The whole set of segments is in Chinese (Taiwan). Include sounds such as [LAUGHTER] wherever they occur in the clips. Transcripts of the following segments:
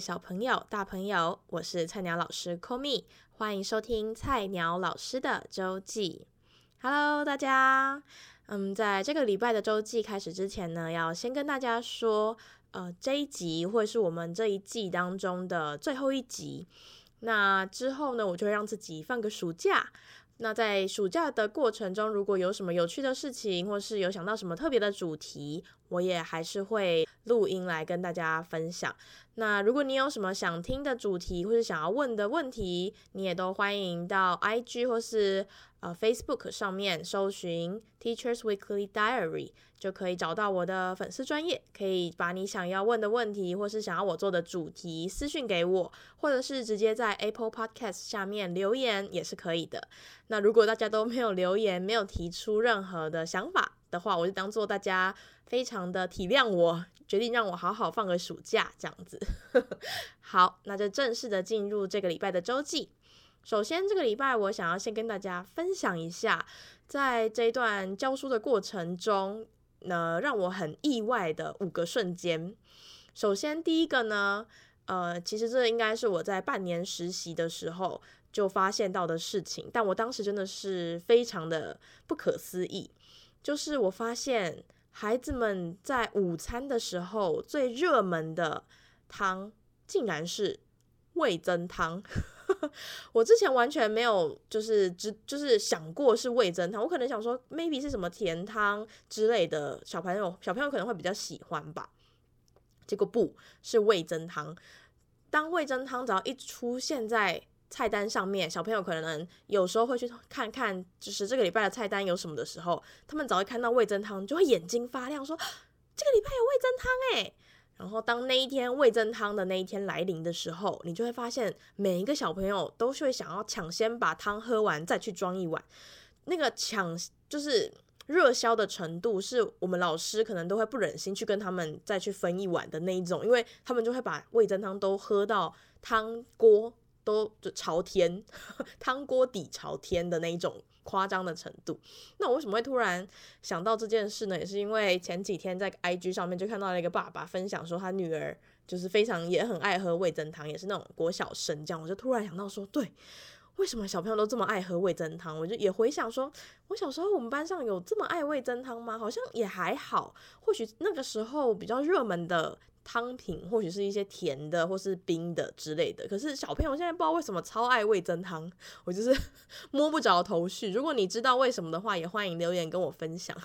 小朋友、大朋友，我是菜鳥老師 Komi，歡迎收聽菜鳥老師的週記。Hello，大家，嗯，在這個禮拜的週記開始之前呢，要先跟大家說，呃，這一集會是我們這一季當中的最後一集。那之後呢，我就會讓自己放個暑假。那在暑假的過程中，如果有什麼有趣的事情，或是有想到什麼特別的主題，我也還是會錄音來跟大家分享。那如果你有什麼想聽的主題，或是想要問的問題，你也都歡迎到 IG 或是呃 Facebook 上面搜尋 Teachers Weekly Diary，就可以找到我的粉絲專頁，可以把你想要問的問題，或是想要我做的主題私訊給我，或者是直接在 Apple Podcast 下面留言也是可以的。那如果大家都沒有留言，沒有提出任何的想法的話，我就當做大家非常的體諒我。決定讓我好好放個暑假，這樣子。 [LAUGHS] 好，那就正式的進入這個禮拜的週記。首先，這個禮拜我想要先跟大家分享一下，在這一段教書的過程中，呢、呃，讓我很意外的五個瞬間。首先，第一個呢，呃，其實這應該是我在半年實習的時候就發現到的事情，但我當時真的是非常的不可思議，就是我發現。孩子們在午餐的時候，最熱門的湯，竟然是味噌湯。 [LAUGHS] 我之前完全沒有就是只就是想過是味噌湯，我可能想說 maybe 是什麼甜湯之類的，小朋友小朋友可能會比較喜歡吧。結果不是味噌湯，當味噌湯只要一出現在。菜單上面，小朋友可能有時候會去看看，就是這個禮拜的菜單有什麼的時候，他們早會看到味噌湯就會眼睛發亮說，說這個禮拜有味噌湯哎。然後當那一天味噌湯的那一天來臨的時候，你就會發現每一個小朋友都是會想要搶先把湯喝完，再去裝一碗。那個搶就是熱銷的程度，是我們老師可能都會不忍心去跟他們再去分一碗的那一種，因為他們就會把味噌湯都喝到湯鍋。都就朝天，湯鍋底朝天的那種誇張的程度。那我為什麼會突然想到這件事呢？也是因為前幾天在 IG 上面就看到了一個爸爸分享說，他女兒就是非常也很愛喝味噌湯，也是那種國小生。這樣我就突然想到說，對，為什麼小朋友都這麼愛喝味噌湯？我就也回想說，我小時候我們班上有這麼愛味噌湯嗎？好像也還好。或許那個時候比較熱門的。湯品或許是一些甜的或是冰的之類的，可是小朋友現在不知道為什麼超愛味噌湯，我就是摸不着頭緒。如果你知道為什麼的話，也歡迎留言跟我分享。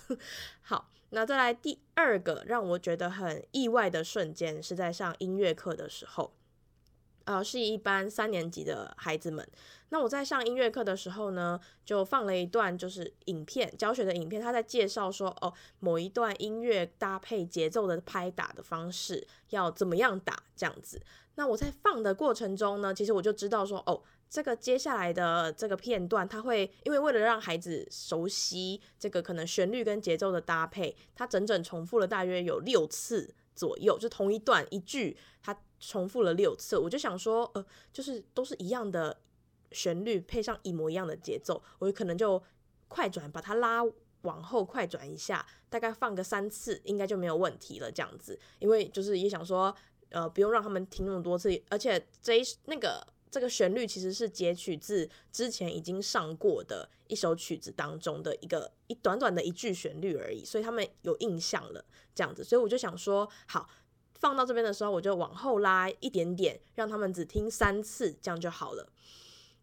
好，那再來第二個讓我覺得很意外的瞬間，是在上音樂課的時候。呃，是一班三年級的孩子們。那我在上音樂課的時候呢，就放了一段就是影片教學的影片，他在介紹說，哦，某一段音樂搭配節奏的拍打的方式要怎麼樣打這樣子。那我在放的過程中呢，其實我就知道說，哦，這個接下來的這個片段，他會因為為了讓孩子熟悉這個可能旋律跟節奏的搭配，他整整重複了大約有六次左右，就同一段一句他，它重複了六次，我就想說，呃，就是都是一樣的旋律配上一模一樣的節奏，我可能就快轉把它拉往後快轉一下，大概放個三次，應該就沒有問題了這樣子。因為就是也想說，呃，不用讓他們聽那麼多次，而且這一那個這個旋律其實是截取自之前已經上過的一首曲子當中的一個一短短的一句旋律而已，所以他們有印象了這樣子。所以我就想說，好。放到這邊的時候，我就往後拉一點點，讓他們只聽三次，這樣就好了。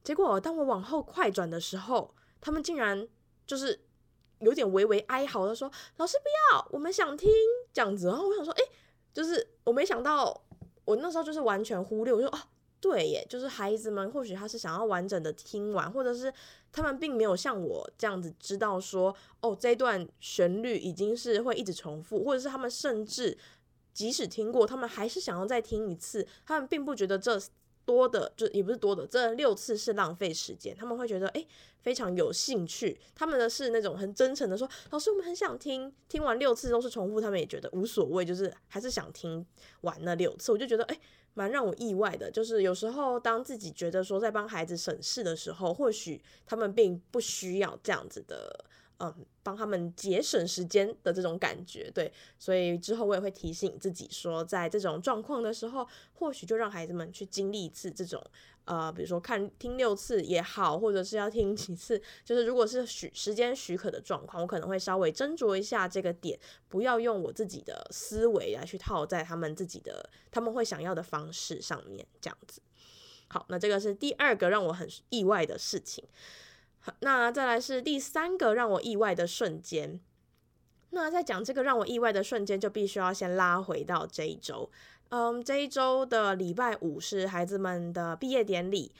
結果當我往後快轉的時候，他們竟然就是有點微微哀嚎的說：“老師不要，我們想聽。”這樣子，然後我想說：“哎、欸，就是我沒想到，我那時候就是完全忽略，我說哦，對耶，就是孩子們或許他是想要完整的聽完，或者是他們並沒有像我這樣子知道說哦，這一段旋律已經是會一直重複，或者是他們甚至。”即使聽過，他們還是想要再聽一次。他們並不覺得這多的，就也不是多的，這六次是浪費時間。他們會覺得誒，非常有興趣。他們的是那種很真誠的說，老師，我們很想聽。聽完六次都是重複，他們也覺得無所謂，就是還是想聽完那六次。我就覺得誒，蠻讓我意外的。就是有時候當自己覺得說在幫孩子省事的時候，或許他們並不需要這樣子的。嗯，幫他們節省時間的這種感覺，對，所以之後我也會提醒自己說，在這種狀況的時候，或許就讓孩子們去經歷一次這種，呃，比如說看、聽六次也好，或者是要聽幾次，就是如果是許時間許可的狀況，我可能會稍微斟酌一下這個點，不要用我自己的思維來去套在他們自己的他們會想要的方式上面，這樣子。好，那這個是第二個讓我很意外的事情。那再來是第三個讓我意外的瞬間。那在講這個讓我意外的瞬間，就必須要先拉回到這一周。嗯，這一周的禮拜五是孩子們的畢業典禮。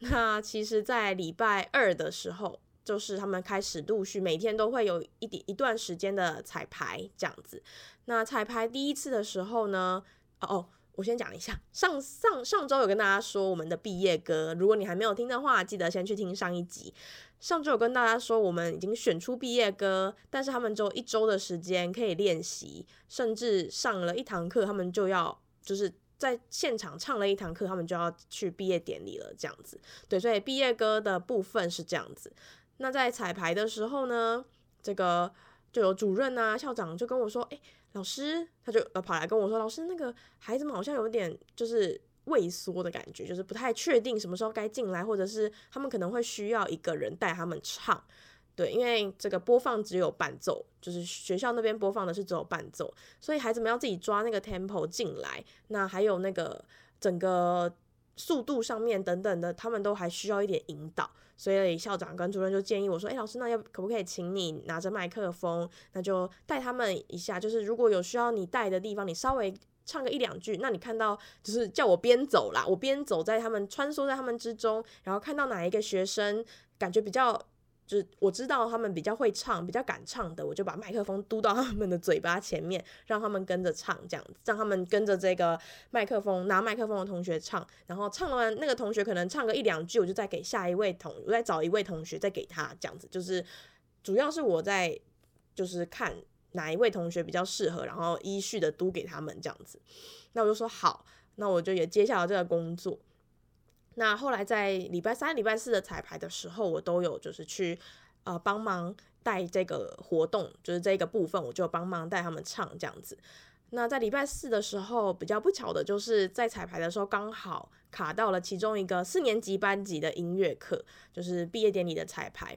那其實，在禮拜二的時候，就是他們開始陸續每天都會有一點一段時間的彩排這樣子。那彩排第一次的時候呢，哦哦。我先講一下，上上上周有跟大家說我們的畢業歌，如果你還沒有聽的話，記得先去聽上一集。上周有跟大家說，我們已經選出畢業歌，但是他們只有一周的時間可以練習，甚至上了一堂課，他們就要就是在現場唱了一堂課，他們就要去畢業典禮了，這樣子。對，所以畢業歌的部分是這樣子。那在彩排的時候呢，這個就有主任啊、校長就跟我說，誒。老師，他就呃跑來跟我說：“老師，那個孩子們好像有點就是畏縮的感覺，就是不太確定什麼時候該進來，或者是他們可能會需要一個人帶他們唱，對，因為這個播放只有伴奏，就是學校那邊播放的是只有伴奏，所以孩子們要自己抓那個 tempo 進來，那還有那個整個。”速度上面等等的，他們都還需要一點引導，所以校長跟主任就建議我說：“誒，老師，那要可不可以請你拿着麥克風，那就帶他們一下。就是如果有需要你帶的地方，你稍微唱個一兩句。那你看到就是叫我邊走啦，我邊走在他們穿梭在他們之中，然後看到哪一個學生感覺比較。”就是我知道他們比較會唱，比較敢唱的，我就把麥克風嘟到他們的嘴巴前面，讓他們跟着唱，這樣子，讓他們跟着這個麥克風拿麥克風的同學唱。然後唱完那個同學可能唱個一兩句，我就再給下一位同，我再找一位同學再給他這樣子。就是主要是我在就是看哪一位同學比較適合，然後依序的嘟給他們這樣子。那我就說好，那我就也接下了這個工作。那後來在禮拜三、禮拜四的彩排的時候，我都有就是去，呃，幫忙帶這個活動，就是這個部分，我就幫忙帶他們唱這樣子。那在禮拜四的時候，比較不巧的就是在彩排的時候剛好卡到了其中一個四年級班級的音樂課，就是畢業典禮的彩排。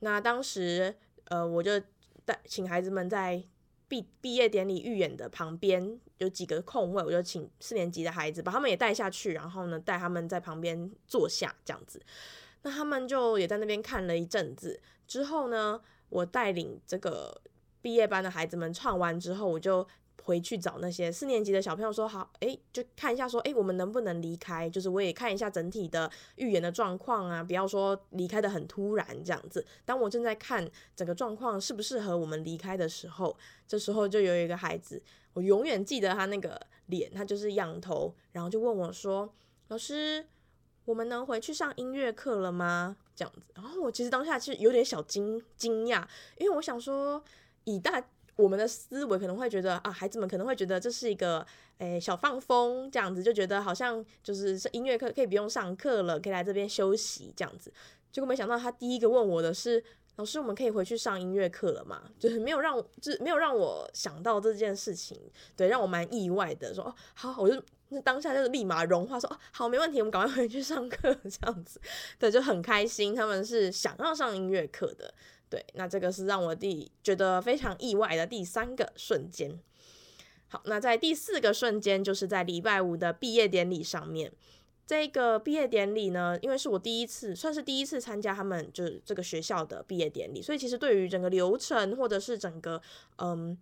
那當時，呃，我就帶請孩子們在。畢畢業典禮預演的旁邊有幾個空位，我就請四年級的孩子把他們也帶下去，然後呢，帶他們在旁邊坐下這樣子。那他們就也在那邊看了一陣子。之後呢，我帶領這個畢業班的孩子們唱完之後，我就。回去找那些四年級的小朋友說好，哎、欸，就看一下說，哎、欸，我們能不能離開？就是我也看一下整體的預言的狀況啊，不要說離開的很突然這樣子。當我正在看整個狀況適不適合我們離開的時候，這時候就有一個孩子，我永遠記得他那個臉，他就是仰頭，然後就問我說：“老師，我們能回去上音樂課了嗎？”這樣子。然後我其實當下其實有點小驚驚訝，因為我想說以大。我們的思維可能會覺得啊，孩子們可能會覺得這是一個誒小放風這樣子，就覺得好像就是音樂課可以不用上課了，可以來這邊休息這樣子。結果沒想到他第一個問我的是：“老師，我們可以回去上音樂課了嗎？”就是沒有讓，就是沒有讓我想到這件事情，對，讓我蠻意外的。說：“哦，好，我就那當下就是立馬融化，說：哦，好，沒問題，我們趕快回去上課這樣子。”對，就很開心，他們是想要上音樂課的。對，那這個是讓我第覺得非常意外的第三個瞬間。好，那在第四個瞬間，就是在禮拜五的畢業典禮上面。這個畢業典禮呢，因為是我第一次，算是第一次參加他們就是這個學校的畢業典禮，所以其實對於整個流程或者是整個嗯，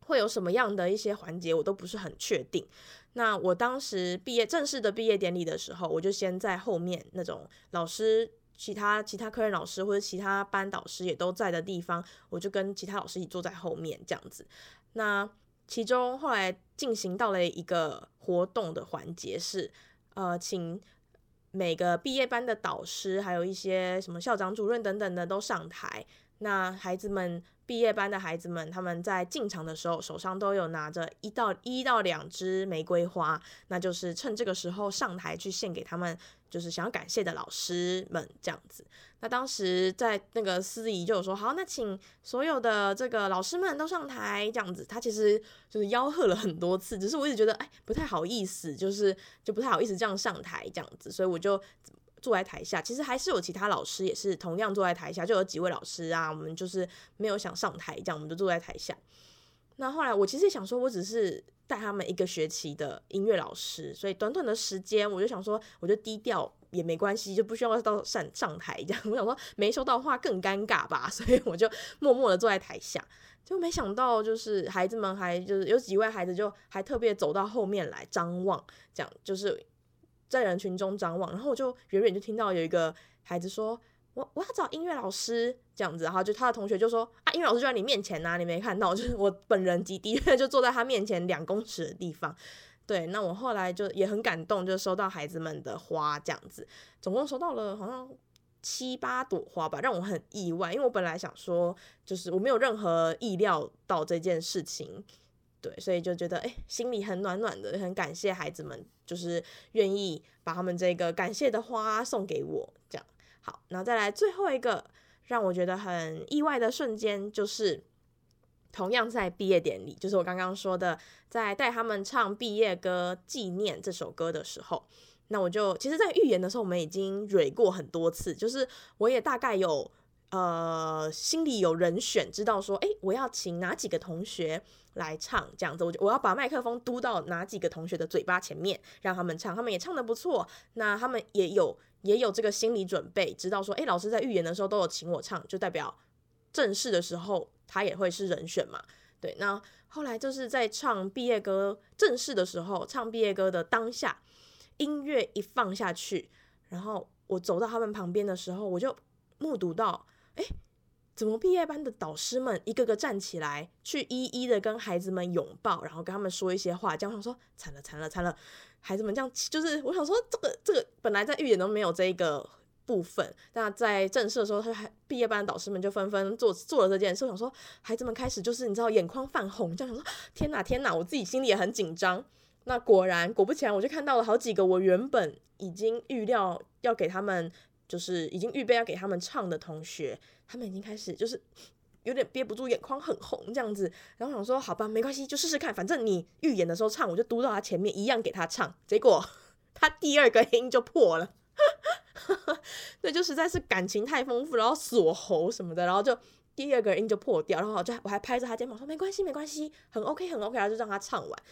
會有什麼樣的一些環節，我都不是很確定。那我當時畢業正式的畢業典禮的時候，我就先在後面那種老師。其他其他科任老師或者其他班導師也都在的地方，我就跟其他老師一起坐在後面這樣子。那其中後來進行到了一個活動的環節，是呃，請每個畢業班的導師，還有一些什麼校長、主任等等的都上台，那孩子們。畢業班的孩子們，他們在進場的時候，手上都有拿着一到一到兩支玫瑰花，那就是趁這個時候上台去獻給他們，就是想要感謝的老師們這樣子。那當時在那個司儀就有說：“好，那請所有的這個老師們都上台這樣子。”他其實就是吆喝了很多次，只是我一直覺得哎不太好意思，就是就不太好意思這樣上台這樣子，所以我就。坐在台下，其實還是有其他老師也是同樣坐在台下，就有幾位老師啊，我們就是沒有想上台，這樣我們就坐在台下。那後來我其實也想說，我只是帶他們一個學期的音樂老師，所以短短的時間，我就想說，我就低調也沒關係，就不需要到上上台這樣。我想說，沒收到話更尷尬吧，所以我就默默的坐在台下。就沒想到，就是孩子們還就是有幾位孩子就還特別走到後面來張望，這樣就是。在人群中張望，然後我就遠遠就聽到有一個孩子說：“我我要找音樂老師。”這樣子哈，然後就他的同學就說：“啊，音樂老師就在你面前啊，你沒看到？”就是我本人極低就坐在他面前兩公尺的地方。對，那我後來就也很感動，就收到孩子們的花，這樣子，總共收到了好像七八朵花吧，讓我很意外，因為我本來想說，就是我沒有任何意料到這件事情。對，所以就覺得誒，心裡很暖暖的，很感謝孩子們，就是願意把他們這個感謝的花送給我，這樣好。然後再來最後一個讓我覺得很意外的瞬間，就是同樣在畢業典禮，就是我剛剛說的，在帶他們唱畢業歌《紀念》這首歌的時候，那我就其實，在預演的時候，我們已經蕊過很多次，就是我也大概有。呃，心裡有人選，知道說，哎、欸，我要請哪幾個同學來唱這樣子，我就我要把麥克風嘟到哪幾個同學的嘴巴前面，讓他們唱，他們也唱得不錯，那他們也有也有這個心理準備，知道說，哎、欸，老師在預演的時候都有請我唱，就代表正式的時候他也會是人選嘛，對，那後來就是在唱畢業歌正式的時候，唱畢業歌的當下，音樂一放下去，然後我走到他們旁邊的時候，我就目睹到。哎，怎麼畢業班的導師們一個個站起來，去一一的跟孩子們擁抱，然後跟他們說一些話，這樣我想說慘了慘了慘了，孩子們這樣就是我想說，這個這個本來在預演都沒有這一個部分，那在正式的時候，他還畢業班的導師們就紛紛做做了這件事，我想說孩子們開始就是你知道眼眶泛紅，這樣想說天哪天哪，我自己心裡也很緊張。那果然果不其然，我就看到了好幾個我原本已經預料要給他們。就是已經預備要給他們唱的同學，他們已經開始就是有點憋不住，眼眶很紅這樣子。然後想說，好吧，沒關係，就試試看，反正你預演的時候唱，我就讀到他前面一樣給他唱。結果他第二個音就破了，呵呵呵呵，對，就實在是感情太豐富，然後鎖喉什麼的，然後就第二個音就破掉。然後我就我還拍着他肩膀說，沒關係，沒關係，很 OK 很 OK，然後就讓他唱完。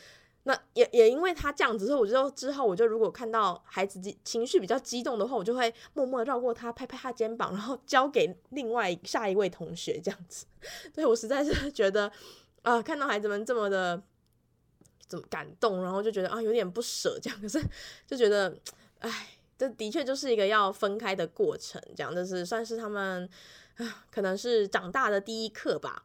那也也因為他這樣子，所以我就之後，我就如果看到孩子情情緒比較激動的話，我就會默默繞過他，拍拍他肩膀，然後交給另外下一位同學這樣子。對，我實在是覺得啊、呃，看到孩子們這麼的這麼感動，然後就覺得啊、呃、有點不捨這樣。可是就覺得，哎，這的確就是一個要分開的過程，這樣就是算是他們啊、呃，可能是長大的第一課吧。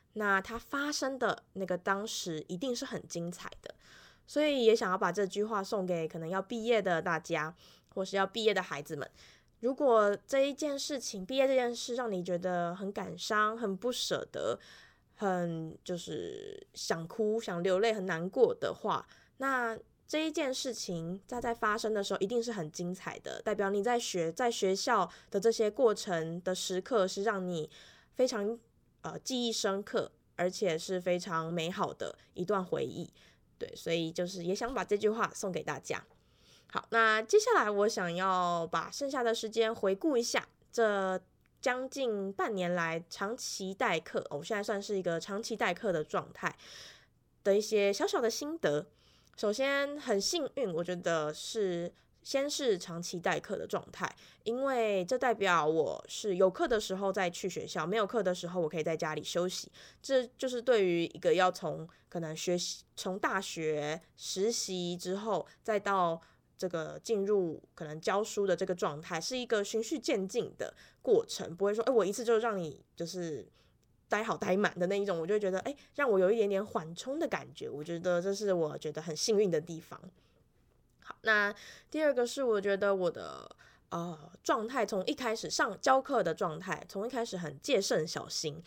那它發生的那個當時一定是很精彩的，所以也想要把這句話送給可能要畢業的大家，或是要畢業的孩子們。如果這一件事情畢業這件事讓你覺得很感傷、很不捨得、很就是想哭、想流淚、很難過的話，那這一件事情在在發生的時候一定是很精彩的，代表你在學在學校的這些過程的時刻是讓你非常。呃，記憶深刻，而且是非常美好的一段回憶，對，所以就是也想把這句話送給大家。好，那接下來我想要把剩下的時間回顧一下這將近半年來長期代課，我、哦、現在算是一個長期代課的狀態的一些小小的心得。首先，很幸運，我覺得是。先是長期代課的狀態，因為這代表我是有課的時候再去學校，沒有課的時候我可以在家裡休息。這就是對於一個要從可能學習、從大學實習之後，再到這個進入可能教書的這個狀態，是一個循序漸進的過程。不會說，欸，我一次就讓你就是待好待滿的那一種，我就覺得，欸，讓我有一點點緩衝的感覺。我覺得這是我覺得很幸運的地方。那第二個是，我覺得我的呃狀態從一開始上教課的狀態，從一開始很戒慎小心，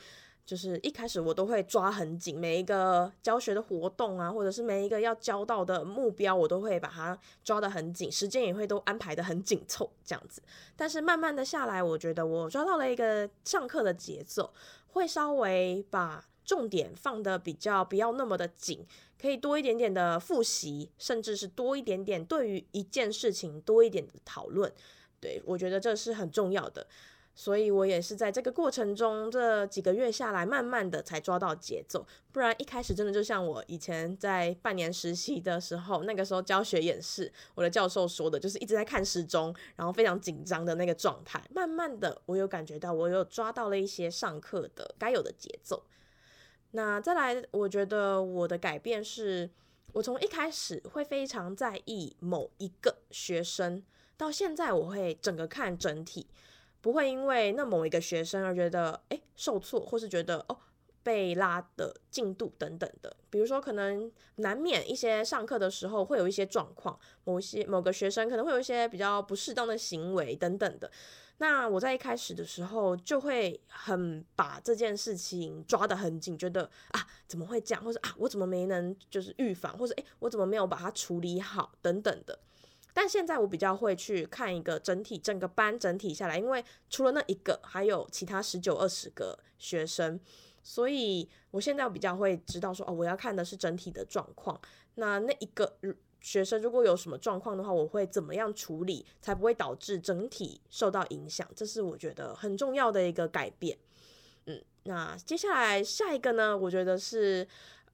就是一開始我都會抓很緊，每一個教學的活動啊，或者是每一個要教到的目標，我都會把它抓得很緊，時間也會都安排得很緊湊這樣子。但是慢慢的下來，我覺得我抓到了一個上課的節奏，會稍微把重點放得比較不要那麼的緊。可以多一點點的複習，甚至是多一點點對於一件事情多一點的討論，對，我覺得這是很重要的。所以我也是在這個過程中，這幾個月下來，慢慢的才抓到節奏。不然一開始真的就像我以前在半年實習的時候，那個時候教學演示，我的教授說的，就是一直在看時鐘，然後非常緊張的那個狀態。慢慢的，我有感覺到，我有抓到了一些上課的該有的節奏。那再來，我覺得我的改變是，我從一開始會非常在意某一個學生，到現在我會整個看整體，不會因為那某一個學生而覺得哎、欸、受挫，或是覺得哦被拉的進度等等的。比如說，可能難免一些上課的時候會有一些狀況，某一些某個學生可能會有一些比較不適當的行為等等的。那我在一開始的時候就會很把這件事情抓得很緊，覺得啊怎麼會這樣，或者啊我怎麼沒能就是預防，或者哎、欸、我怎麼沒有把它處理好等等的。但現在我比較會去看一個整體，整個班整體下來，因為除了那一個，還有其他十九二十個學生，所以我現在比較會知道說哦我要看的是整體的狀況。那那一個學生如果有什麼狀況的話，我會怎麼樣處理才不會導致整體受到影響？這是我覺得很重要的一個改變。嗯，那接下來下一個呢？我覺得是。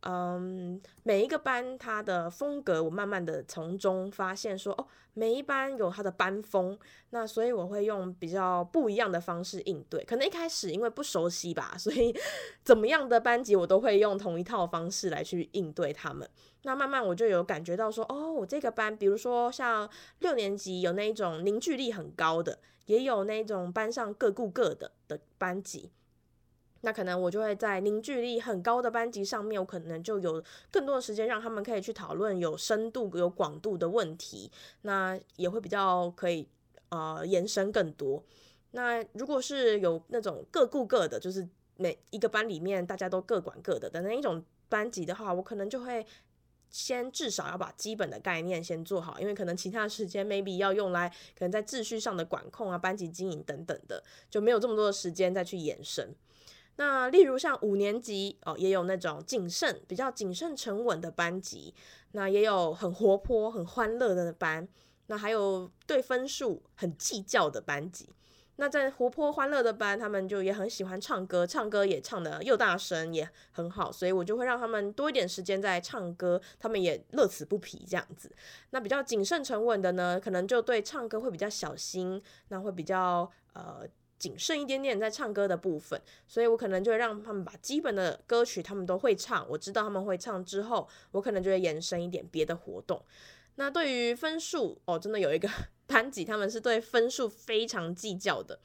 嗯，每一個班他的風格，我慢慢的從中發現說，哦，每一班有他的班風，那所以我會用比較不一樣的方式應對。可能一開始因為不熟悉吧，所以怎麼樣的班級我都會用同一套方式來去應對他們。那慢慢我就有感覺到說，哦，我這個班，比如說像六年級有那一種凝聚力很高的，也有那種班上各顧各的的班級。那可能我就會在凝聚力很高的班級上面，我可能就有更多的時間讓他們可以去討論有深度、有廣度的問題，那也會比較可以呃延伸更多。那如果是有那種各顧各的，就是每一個班裡面大家都各管各的的那一種班級的話，我可能就會先至少要把基本的概念先做好，因為可能其他的時間 maybe 要用來可能在秩序上的管控啊、班級經營等等的，就沒有這麼多的時間再去延伸。那例如像五年級哦，也有那種謹慎、比較謹慎、沉穩的班級，那也有很活潑、很歡樂的班，那還有對分數很計較的班級。那在活潑歡樂的班，他們就也很喜歡唱歌，唱歌也唱得又大聲，也很好，所以我就會讓他們多一點時間在唱歌，他們也樂此不疲這樣子。那比較謹慎沉穩的呢，可能就對唱歌會比較小心，那會比較呃。謹慎一點點在唱歌的部分，所以我可能就會讓他們把基本的歌曲他們都會唱，我知道他們會唱之後，我可能就會延伸一點別的活動。那對於分數哦，真的有一個班級他們是對分數非常計較的，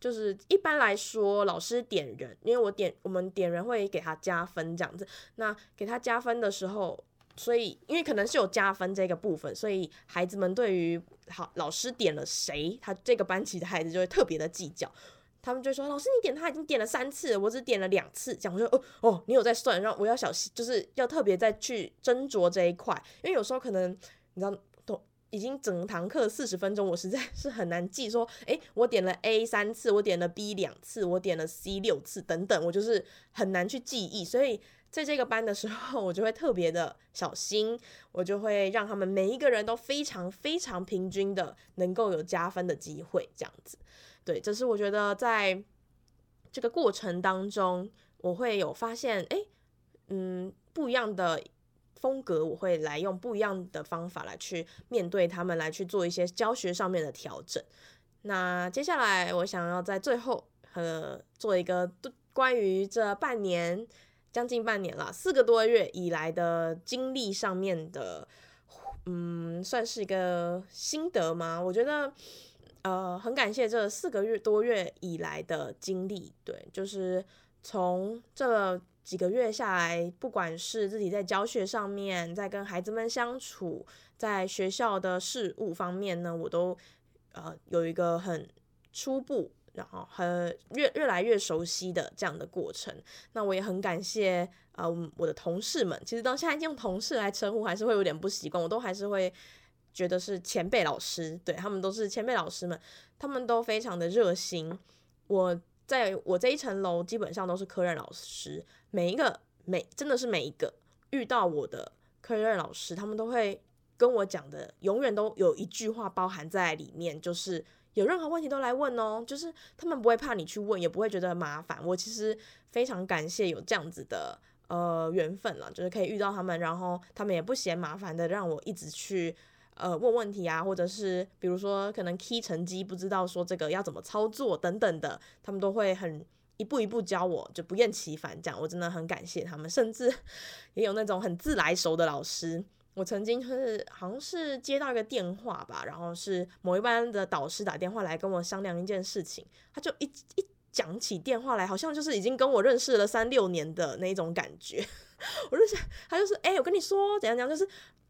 就是一般來說老師點人，因為我點我們點人會給他加分這樣子，那給他加分的時候。所以，因為可能是有加分這個部分，所以孩子們對於好老師點了誰，他這個班級的孩子就會特別的計較。他們就說：“老師，你點他已經點了三次了，我只點了兩次。”講，我說：“哦哦，你有在算，然後我要小心，就是要特別再去斟酌這一塊，因為有時候可能你知道，都已經整堂課四十分鐘，我實在是很難記說，誒，我點了 A 三次，我點了 B 兩次，我點了 C 六次等等，我就是很難去記憶，所以。”在這個班的時候，我就會特別的小心，我就會讓他們每一個人都非常非常平均的能夠有加分的機會，這樣子。對，這是我覺得在這個過程當中，我會有發現，哎，嗯，不一樣的風格，我會來用不一樣的方法來去面對他們，來去做一些教學上面的調整。那接下來，我想要在最後，呃，做一個關於這半年。將近半年了，四個多月以來的經歷上面的，嗯，算是一個心得嗎？我覺得，呃，很感謝這四個月多月以來的經歷，對，就是從這幾個月下來，不管是自己在教學上面，在跟孩子們相處，在學校的事務方面呢，我都呃有一個很初步。然後，很越越來越熟悉的這樣的過程，那我也很感謝啊、呃，我的同事們。其實到現在用同事來稱呼還是會有點不習慣，我都還是會覺得是前輩老師。對，他們都是前輩老師們，他們都非常的熱心。我在我這一層樓基本上都是科任老師，每一個每，真的是每一個遇到我的科任老師，他們都會跟我講的，永遠都有一句話包含在裡面，就是。有任何問題都來問哦,就是他們不會怕你去問，也不會覺得麻煩。我其實非常感謝有這樣子的呃緣分了，就是可以遇到他們，然後他們也不嫌麻煩的讓我一直去呃問問題啊，或者是比如說可能 key 成績不知道說這個要怎麼操作等等的，他們都會很一步一步教我，就不厭其煩這樣。我真的很感謝他們，甚至也有那種很自來熟的老師。我曾經就是好像是接到一個電話吧，然後是某一班的導師打電話來跟我商量一件事情，他就一一講起電話來，好像就是已經跟我認識了三六年的那種感覺， [LAUGHS] 我就想他就是哎、欸，我跟你說怎樣怎樣，就是。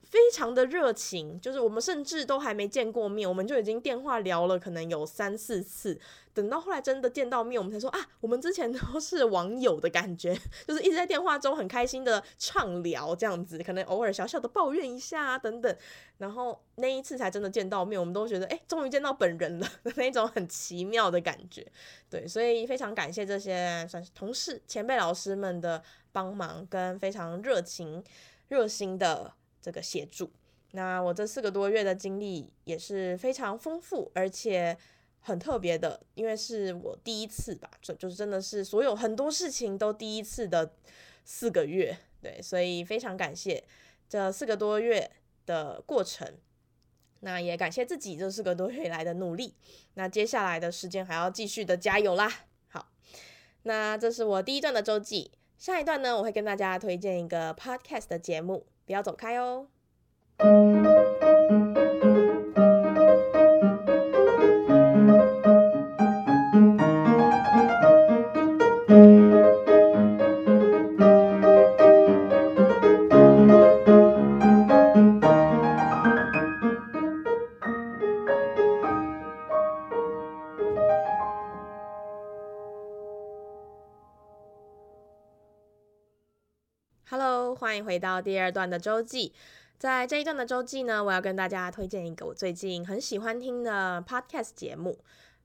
非常的熱情，就是我們甚至都還沒見過面，我們就已經電話聊了可能有三四次。等到後來真的見到面，我們才說啊，我們之前都是網友的感覺，就是一直在電話中很開心的暢聊，這樣子，可能偶爾小小的抱怨一下、啊、等等。然後那一次才真的見到面，我們都覺得欸，終於見到本人了的那種很奇妙的感覺。對，所以非常感謝這些算是同事、前輩、老師們的幫忙跟非常熱情、熱心的這個協助，那我這四個多月的經歷也是非常豐富，而且很特別的，因為是我第一次吧，就就是真的是所有很多事情都第一次的四個月，對，所以非常感謝這四個多月的過程，那也感謝自己這四個多月以來的努力，那接下來的時間還要繼續的加油啦。好，那這是我第一段的週記，下一段呢，我會跟大家推薦一個 podcast 的節目。不要走開哦。回到第二段的週記，在這一段的週記呢，我要跟大家推薦一個我最近很喜歡聽的 podcast 節目。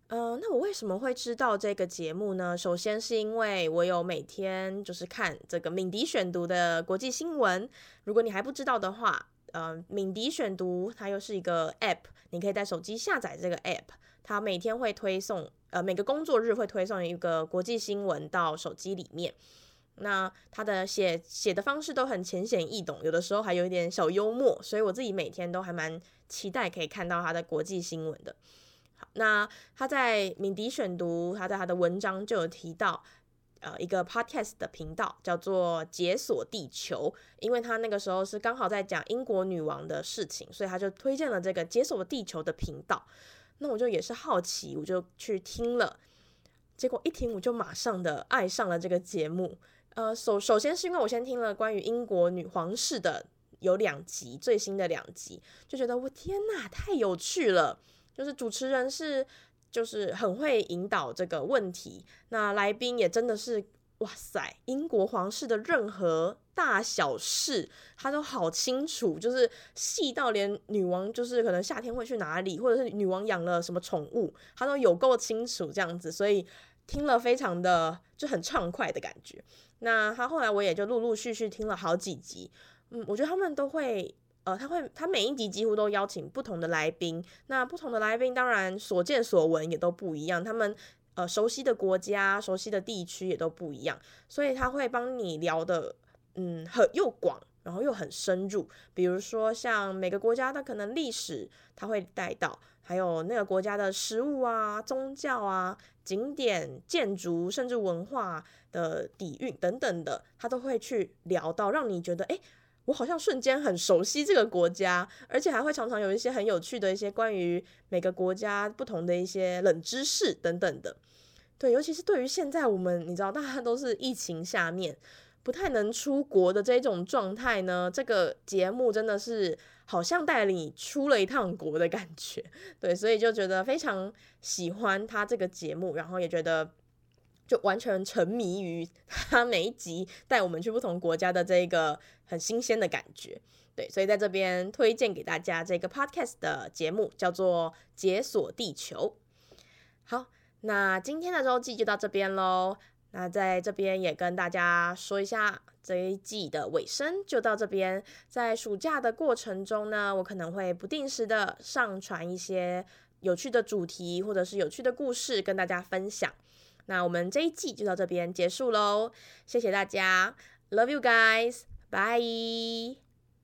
嗯、呃，那我為什麼會知道這個節目呢？首先是因為我有每天就是看這個敏迪選讀的國際新聞。如果你還不知道的話，嗯、呃，敏迪選讀它又是一個 app，你可以在手機下載這個 app，它每天會推送，呃，每個工作日會推送一個國際新聞到手機裡面。那他的寫寫的方式都很淺顯易懂，有的時候還有一點小幽默，所以我自己每天都還蠻期待可以看到他的國際新聞的。好，那他在敏迪選讀，他在他的文章就有提到，呃，一個 podcast 的頻道叫做《解鎖地球》，因為他那個時候是剛好在講英國女王的事情，所以他就推薦了這個《解鎖地球》的頻道。那我就也是好奇，我就去聽了，結果一聽我就馬上的愛上了這個節目。呃，首首先是因為我先聽了關於英國女皇室的有兩集，最新的兩集，就覺得我天哪，太有趣了。就是主持人是，就是很會引導這個問題。那來賓也真的是，哇塞，英國皇室的任何大小事，他都好清楚，就是細到連女王就是可能夏天會去哪裡，或者是女王養了什麼寵物，他都有夠清楚這樣子，所以。聽了非常的就很暢快的感覺。那他後來我也就陸陸續續聽了好幾集，嗯，我覺得他們都會，呃，他會他每一集幾乎都邀請不同的來賓。那不同的來賓當然所見所聞也都不一樣，他們呃熟悉的國家、熟悉的地區也都不一樣，所以他會幫你聊的，嗯，很又廣，然後又很深入。比如說像每個國家的可能歷史他會帶到，還有那個國家的食物啊、宗教啊。景點、建築，甚至文化的底蘊等等的，他都會去聊到，讓你覺得，哎、欸，我好像瞬間很熟悉這個國家，而且還會常常有一些很有趣的一些關於每個國家不同的一些冷知識等等的。對，尤其是對於現在我們，你知道大家都是疫情下面，不太能出國的這一種狀態呢，這個節目真的是好像帶你出了一趟國的感覺，對，所以就覺得非常喜歡他這個節目，然後也覺得就完全沉迷於他每一集帶我們去不同國家的這一個很新鮮的感覺，對，所以在這邊推薦給大家這個 podcast 的節目叫做《解鎖地球》。好，那今天的週記就到這邊嘍。那在這邊也跟大家說一下，這一季的尾聲就到這邊。在暑假的過程中呢，我可能會不定時的上傳一些有趣的主題或者是有趣的故事跟大家分享。那我們這一季就到這邊結束嘍，謝謝大家，Love you guys，拜。